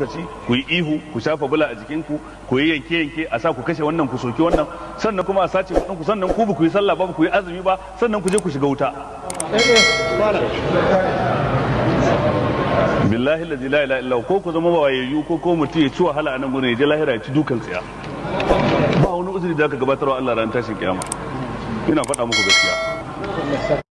lokaci ku yi ihu ku shafa bula a jikinku ku yi yanke yanke a sa ku kashe wannan ku soki wannan sannan kuma a sace kuɗin ku sannan ku ba ku yi sallah ba ku yi azumi ba sannan ku je ku shiga wuta billahi la ilaha illa ko ku zama wayayyu ko ko mutum ya ci wahala a nan gurin ya je lahira ya ci dukan tsaya ba wani uzuri da aka gabatarwa Allah ran tashin kiyama ina faɗa muku gaskiya